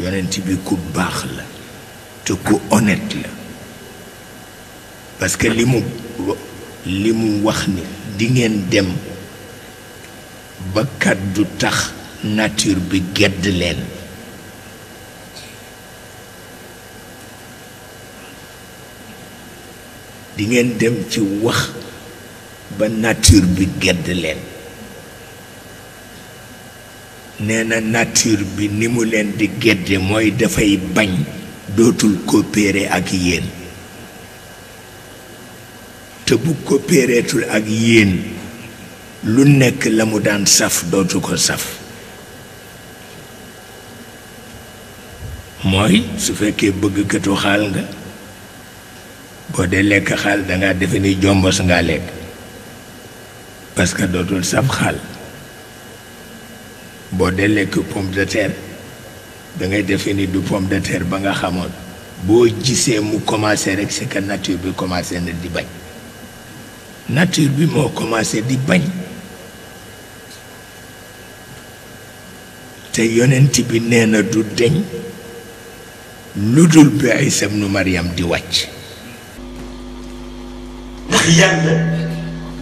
yonent bi ku baax la te ku honnête la parce que li mu li mu wax ni dingeen dem ba kàddu tax nature bi gedd leen di dem ci wax ba nature bi gedd leen nee na nature bi ni mu leen di gédde mooy dafay bañ dootul coopérer ak yéen te bu coopéreetul ak yéen lu nekk la mu daan saf dootu ko saf mooy su fekkee bëgg bëggkatu xaal nga boo dee lekk xaal dangaa defe ni jombos ngaa lekk parce que dootul saf xaal boo dee lekk pomme de terre da ngay defee ni du pomme de terre ba nga xamoon boo gisee mu commencé rek c'est que bi commencé na di bañ nature bi moo commencé di bañ te yonent bi nee na du deñ lu dul bi Isa ibnu Maryam di wàcc ndax yàlla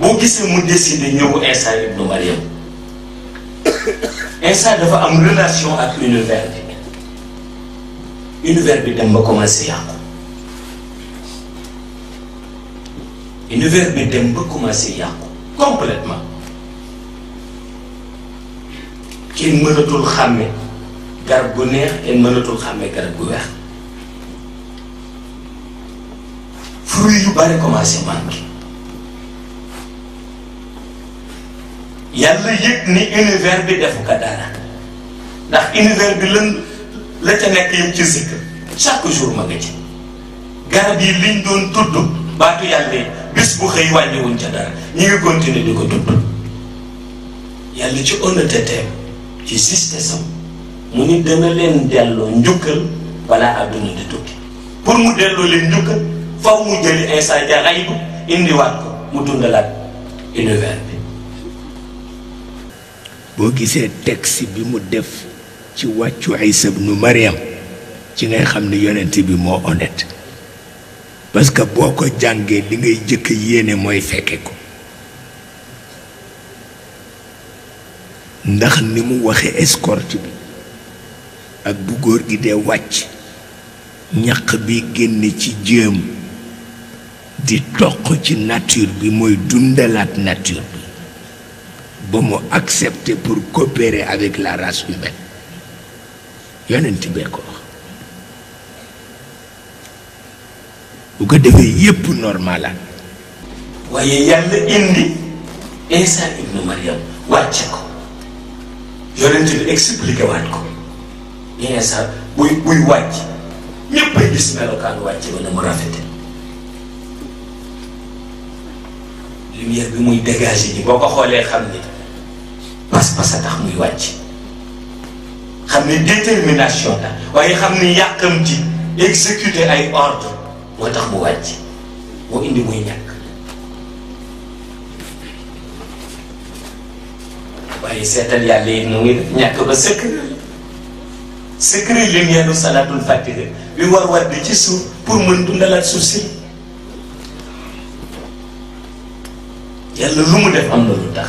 boo gisee mu décidé ñëw Isa ibnu Maryam instant dafa am relation ak univers bi univers bi dem ba commencé yàqu univers bi dem ba commencé yàqu complètement kenn mënatul xàmme garab gu neex kenn mënatul xàmme garab gu weex fruit yu bare commencé manqué yàlla yëg ni univers bi defu ko dara ndax univers bi lan la ca nekk yëpp ci zikr chaque jour ma nga ci garab yi liñ doon tudd baatu yàlla bis bu xëy wàññiwuñ ca dara ñu ngi continuer di ko tudd yàlla ci honnêteté ci justesse mu ni dana leen delloo njukkal balaa àdduna di tukki pour mu delloo leen njukkal faw mu jëli Isaa ja xaybu indiwaat ko mu dundalaat univers bi boo gisee texte bi mu def ci wàccu Isa nu Mariam ci ngay xam ni yonent bi moo honnête parce que boo ko jàngee li ngay jëkk yéene mooy fekke ko ndax ni mu waxe escorte bi ak bu góor gi dee wàcc ñaq bi génne ci jéem di toq ci nature bi mooy dundalaat nature ba mu accepter pour coopérer avec la race humaine yonent bee bu ko defee yépp normala waaye yàlla indi Isa ibnu Maryam wàcce ko yonent bi expliqué ko ni buy buy wàcc ñépp gis melokaan wàcce ba mu rafete lumière bi muy dégagé ñi boo ko xoolee xam ni pas-pas a tax muy wàcc xam ne détermination la waaye xam ne yàqam ci exécuter ay ordre moo tax mu wàcc moo indi muy ñàkk waaye seetal yàlla yi mu ngi ñàkk ba sëkk secret li mu salaatul fatiha bi war war ci suuf pour mën dundalaat suuf si yàlla lu mu def am na lu tax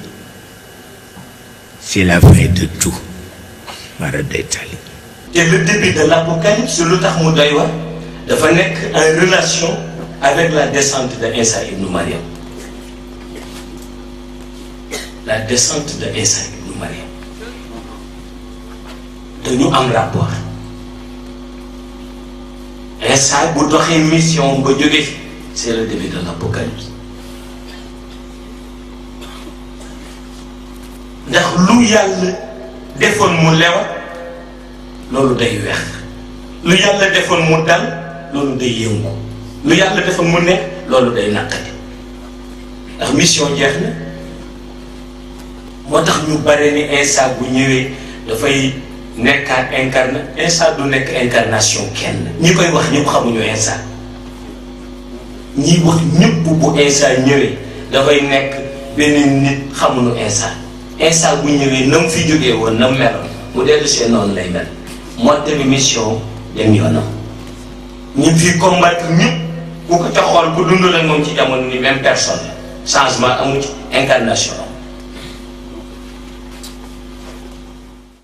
c'est la fin de tout mara day tali te le début de l'apocalypse lu tax mu day war dafa nekk en relation avec la descente de Isa ibnu Mariam la descente de Isa ibnu Mariam dañu am rapport Isa bu doxee mission ba jóge fi c'est le début de l'apocalypse ndax lu yàlla defoon mu lewat loolu day weex lu yàlla defoon mu dal loolu day yëngu lu yàlla defoon mu nekk loolu day naqari ndax mission jeex na moo tax ñu bare ni Insa bu ñëwee dafay nekkaat incarné Insa du nekk incarnation kenn ñi koy wax ñëpp xamuñu Insa ñi wax ñëpp bu Insa ñëwee dafay nekk benn nit xamuñu Insa instant bu ñëwee nam mu fi jógee woon na mu meloon mu dellu seen noonu lay mel mottali mission dem yoonam ñi fi combattre ñëpp ku ko ca xool bu dund la moom ci jamono ni même personne changement amu ci incarnation